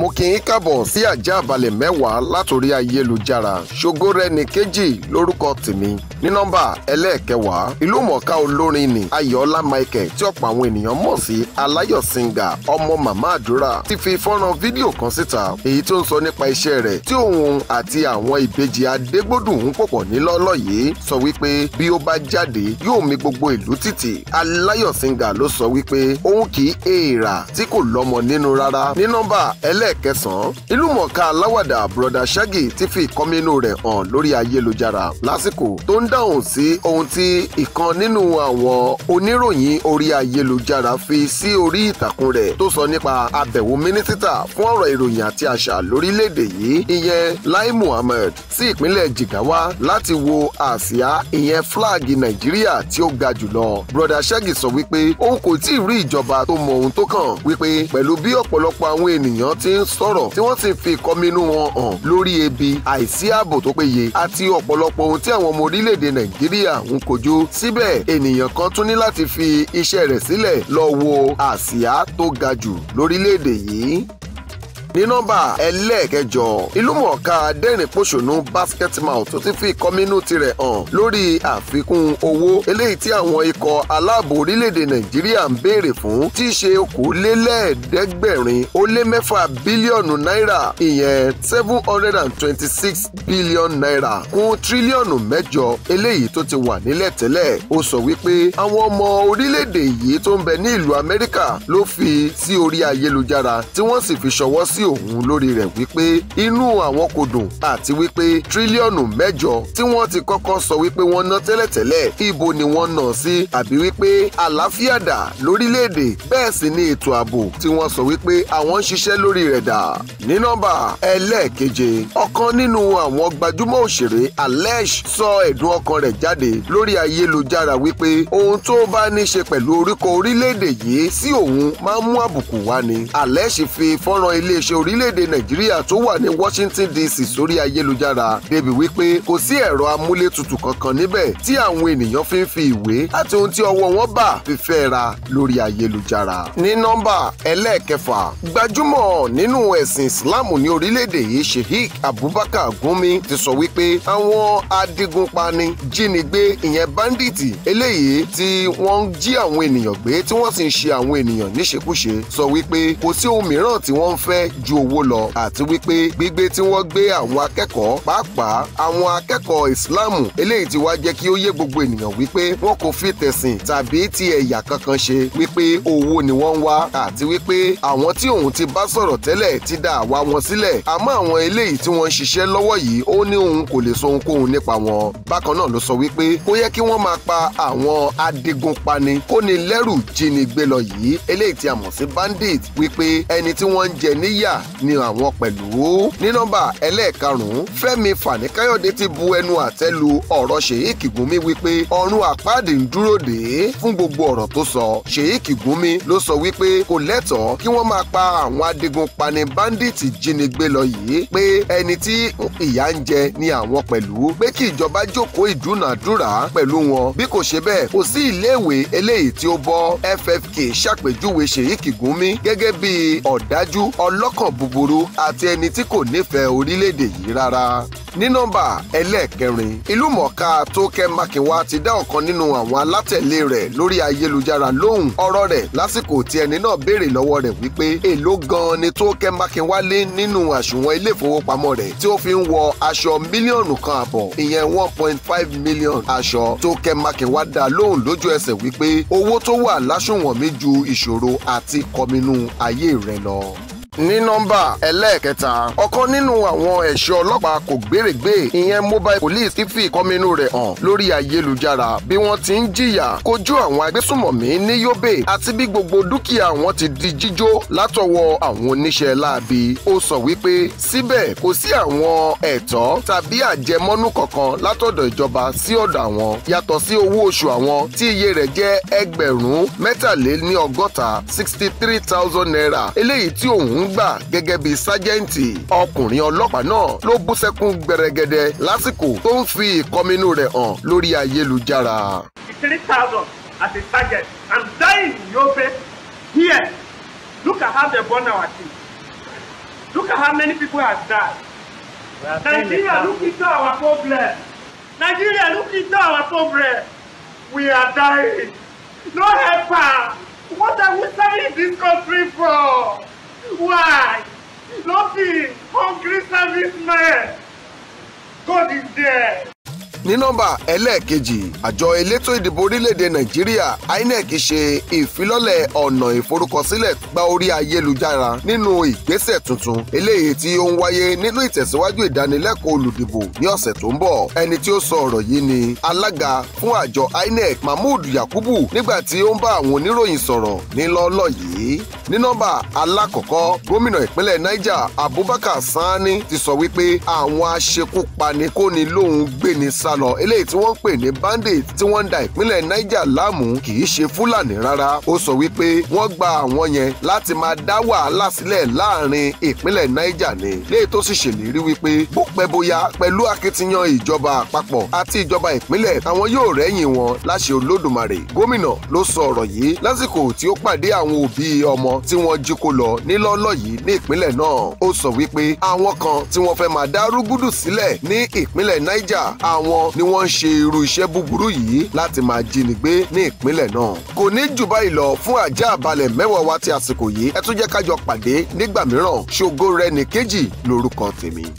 mo kì í kàbọ̀ sí àjà àbálẹ̀ mẹ́wàá látòrí ayélujára ṣogórẹ́ ni kejì lórúkọ tèmi ní nọ́mbà ẹlẹ́ẹ̀kẹwàá ìlúmọ̀ọ́ká olórin ni ayọ̀ọ́lá michael tí ọ̀pọ̀ àwọn ènìyàn mọ̀ sí aláyọ̀ singa ọmọ màmá àdúrà ti fi fọ́nrán fídíò kan síta èyí tó ń sọ nípa iṣẹ́ rẹ̀ tí òun àti àwọn ìbejì adégbòdùn ń pòpọ̀ ní lọ́lọ́ yìí sọ wípé bí ó bá jáde yóò mì gbogbo ìlú tìtì aláyọ̀ singa ló sọ wípé òun kì í èèrà tí kò lọ́mọ nínú rárá ní nọ́mbà ẹlẹ́ ẹlẹ́ẹ̀kẹsàn-án ìlúmọ̀ọ́ká aláwàdà broda shaggy ti fi ìkọminú rẹ̀ hàn lórí ayélujára lásìkò tó ń dáhùn sí ohun tí ìkan nínú àwọn oníròyìn orí ayélujára fi sí orí ìtàkùn rẹ̀ tó sọ nípa àbẹ̀wò mínísítà fún ọ̀rọ̀ ìròyìn àti àṣà lórílẹ̀‐èdè yìí ìyẹn lai muhammed sí ìpínlẹ̀ jigawa láti wo àsíá ìyẹn fúláàgì nàìjíríà tí ó ga jùlọ broda shaggy sọ wípé òun kò tí ì rí ìjọba tó mọ ohun tó kàn wípé pẹ̀lú bí ọ̀pọ̀lọpọ̀ àwọn ènìyàn ti ń ń sọ̀rọ̀ tí wọ́n sì fi ìkọminú wọn hàn lórí ebi àìsí ààbò tó péye àti ọ̀pọ̀lọpọ̀ ohun tí àwọn ọmọ orílẹ̀-èdè nàìjíríà ń kojú síbẹ̀ ènìyàn kan tún ní láti fi iṣẹ́ rẹ̀ sílẹ̀ lọ wo àsíá tó ga jù lórílẹ̀-èdè yìí ní nọ́mbà ẹlẹ́ẹ̀kẹjọ ìlúmọ̀ọ́ká dẹ́rìn-pọ̀ṣọ́nù Basketmouth tó ti fi ìkọminú tirẹ̀ hàn lórí àfikún owó eléyìí tí àwọn ikọ̀ aláàbò orílẹ̀-èdè Nàìjíríà ń béèrè fún tí í ṣe okòólélẹ́ẹ̀ẹ́dẹ́gbẹ̀rin ó lé mẹ́fà bílíọ̀nù náírà ìyẹn seven hundred and twenty-six billion naira kún tírílíọ̀nù mẹ́jọ eléyìí tó ti wà nílẹ̀ tẹ́lẹ̀ ó sọ wípé àwọn ọmọ orílẹ̀-èdè yìí tó ń bẹ ní ìlú Amẹ́ríkà ló fi sí orí ayélujára tí wọ́n sì fi ṣọwọ́ sí sí òun lórí rẹ̀ wípé inú àwọn kò dùn àti wípé tírílíọ̀nù mẹ́jọ tí wọ́n ti kọ́kọ́ sọ wípé wọ́n ná tẹ́lẹ̀tẹ́lẹ̀ ibo ni wọ́n ná sí àbí wípé àlàáfíà dà lórílẹ̀‐èdè bẹ́ẹ̀ sì ni ètò ààbò tí wọ́n sọ wípé àwọn ń ṣiṣẹ́ lórí rẹ̀ dà ní nọ́mbà ẹlẹ́ẹ̀keje ọ̀kan nínú àwọn gbajúmọ̀ òṣèré Alesh sọ ẹ̀dùn ọkàn rẹ̀ jáde lórí ayélujára wípé ohun tó bá ní ṣe pẹ̀lú orúkọ orílẹ̀-èdè yìí sí òun máa ń mú àbùkù wá ni Alesh fi fọ́nrán iléeṣẹ́ àṣẹ orílẹ̀-èdè nàìjíríà tó wà ní washington dc sórí ayélujára débi wípé kò sí ẹ̀rọ amúlétutù kankan níbẹ̀ tí àwọn ènìyàn fi ń fi ìwé àti ohun tí ọwọ́ wọn bà fífẹ́ ra lórí ayélujára. ní nọ́mbà ẹlẹ́ẹ̀kẹfà gbajúmọ̀ nínú ẹ̀sìn islam ní orílẹ̀-èdè yìí sheikh abubakar gumi ti sọ wípé àwọn adigunpani jínigbé ìyẹn bandits eléyìí tí wọ́n ń jí àwọn ènìyàn gbé tí wọ́n sì ń ṣe àwọn ènìyàn níṣekúṣe sọ wípé kò sí ohun mìíràn tí wọ́n ń fẹ́ ju owó lọ àti wípé gbígbé tí wọ́n gbé àwọn akẹ́kọ̀ọ́ pàápàá àwọn akẹ́kọ̀ọ́ ìsìláàmù eléyìí ti wá jẹ́ kí ó yé gbogbo ènìyàn wípé wọn kò fi tẹ̀sìn tàbí ti ẹ̀yà kankan ṣe wípé owó ni wọ́n ń wá àti wípé àwọn tí òun ti bá sọ̀rọ̀ tẹ́lẹ̀ ti dá àwa wọn sílẹ̀ àmọ́ àwọn eléyìí tí wọ́n ń ṣiṣẹ́ lọ́wọ́ yìí ó ní òun kò lè sọ ohunkóhun nípa wọn bákan náà ló sọ wípé kó yẹ kí wọ́n máa pa àwọn adigunpani kóni lẹ́rù jínigbé lọ yìí eléyìí tí a mọ̀ sí bandit wípé ẹni tí wọ́n ń jẹ níyà nàìjíríà ni àwọn pẹ̀lú. ní nọ́mbà ẹlẹ́ẹ̀karùn-ún fẹ́mi fani-káyọ̀dé ti bu ẹnu àtẹ́ lu ọ̀rọ̀ ṣèyíkì gúnmi wípé ọ̀run àpáàdì ń dúró dè é fún gbogbo ọ̀rọ̀ tó sọ ṣèyíkì gúnmi ló sọ wípé kò lẹ́tọ̀ọ́ kí wọ́n máa pa àwọn adigun pani báńdíìtì jínigbé lọ yìí pé ẹni tí ìyà ń jẹ ni àwọn pẹ̀lú pé kí ìjọba jókòó ìdúnàdúrà pẹ̀lú wọn bí kò ṣe bẹ́ẹ̀ kò sí iléèwé eléyìí tí ó bọ́ ffk ṣàpèjúwe ṣèyíkì gúnmi gẹ́gẹ́ bí ọ̀dájú ọlọ́k lọ́kàn búburú àti ẹni tí kò nífẹ̀ẹ́ orílẹ̀-èdè yìí rárá ní nọ́mbà ẹlẹ́ẹ̀kẹrin ìlúmọ̀ọ́ká tókẹ́ mákinwá ti dá ọ̀kan nínú àwọn alátẹ̀lé rẹ̀ lórí ayélujára lóhùn ọ̀rọ̀ rẹ̀ lásìkò tí ẹni náà béèrè lọ́wọ́ rẹ̀ wípé èló gan-an ni tókẹ́ mákinwá lé nínú àsùnwọ̀n ilé ìfowópamọ́ rẹ̀ tí ó fi ń wọ aṣọ mílíọ̀nù kan àbọ̀ ìyẹn one point five million aṣọ tókẹ́ mákinwá dá lóhùn lójú ẹsẹ̀ wípé owó tó wà lásùnwọ̀n mi ju ìṣòro àti kọminú ayé rẹ̀ lọ ní nọ́mbà ẹlẹ́ẹ̀kẹta ọ̀kan nínú àwọn ẹ̀ṣọ́ ọlọ́pàá kò gbèrègbè ìyẹn mobile police ti fi ìkọminú rẹ̀ hàn lórí ayélujára bí wọ́n ti ń jìyà kojú àwọn agbésùmọ̀mí ní Yobe àti bí gbogbo dúkìá wọn ti di jíjó látọwọ́ àwọn oníṣẹ́ láabi ó sọ wípé síbẹ̀ kò sí àwọn ẹ̀tọ́ tàbí àjẹmọ́nú kankan látọ̀dọ̀ ìjọba sí ọ̀dọ̀ àwọn yàtọ̀ sí owó oṣù àwọn tí iye rẹ̀ jẹ́ ẹgbẹ̀rún mẹ́tàléníọgọ́ta sixty three thousand naira eléyìí tí òun ń gbà gẹ́gẹ́ bí sájẹ́ǹtì ọkùnrin ọlọ́pàá náà ló bú sẹ́kún gbẹrẹgẹdẹ lásìkò tó ń fi ìkọminú rẹ̀ hàn lórí ayélujára. three thousand as a target, i'm dying in your yobe here look at how they burn our team look at how many people have died nigeria look into our problem nigeria look into our problem we are dying no help am what are we selling this country for. Why? Nothing. Hungry service man. God is there. ní nọ́mbà ẹlẹ́ẹ̀kejì àjọ elétò ìdìbò orílẹ̀-èdè nàìjíríà inec ṣe ìfilọ́lẹ̀ ọ̀nà ìforúkọsílẹ̀ gba orí ayélujára nínú ìgbésẹ̀ tuntun eléyìí tí ó ń wáyé nínú ìtẹ̀síwájú ìdánilẹ́kọ̀ọ́ olùdìbò ní ọ̀sẹ̀ tó ń bọ̀ ẹni tí ó sọ ọ̀rọ̀ yìí ni alága fún àjọ inec mahmood yakubu nígbà tí ó ń bá àwọn oníròyìn sọ̀rọ̀ nílọ́lọ́ yìí ní nọ́mbà alákọ̀ọ́kọ́ gómìnà ìpínlẹ̀ Niger Abubakar Sani ti sọ wípé àwọn aṣekúpani kò ní gbé ni sálọ eléyìí tí wọ́n ń pè ní bandit tí wọ́n ń da ìpínlẹ̀ Niger láàmú kì í ṣe Fúlàní rárá ó sọ wípé wọ́n gba àwọn yẹn láti máa dá wàhálà sílẹ̀ láàrin ìpínlẹ̀ Niger ni léyìí tó sì ṣèlérí wípé bó pẹ́ bóyá pẹ̀lú akitiyan ìjọba àpapọ̀ àti ìjọba ìpínlẹ̀ àwọn yóò rẹ́yìn wọn láṣẹ Olódùmarè gómìnà ló sọ ọ̀rọ̀ yìí lásìkò tí ó pàdé àwọn òbí ọmọ kan tí wọ́n jí kó lọ nílọ́lọ́ yìí ní ìpínlẹ̀ náà ó sọ wípé àwọn kan tí wọ́n fẹ́ máa dá rúgúdù sílẹ̀ ní ìpínlẹ̀ Niger àwọn ni wọ́n ń ṣe irú iṣẹ́ búburú yìí láti máa jínigbé ní ìpínlẹ̀ náà kò ní jù báyìí lọ fún àjá àbalẹ̀ mẹ́wàá wa ti àsìkò yìí ẹ tún jẹ́ ká jọ pàdé nígbà mìíràn ṣògo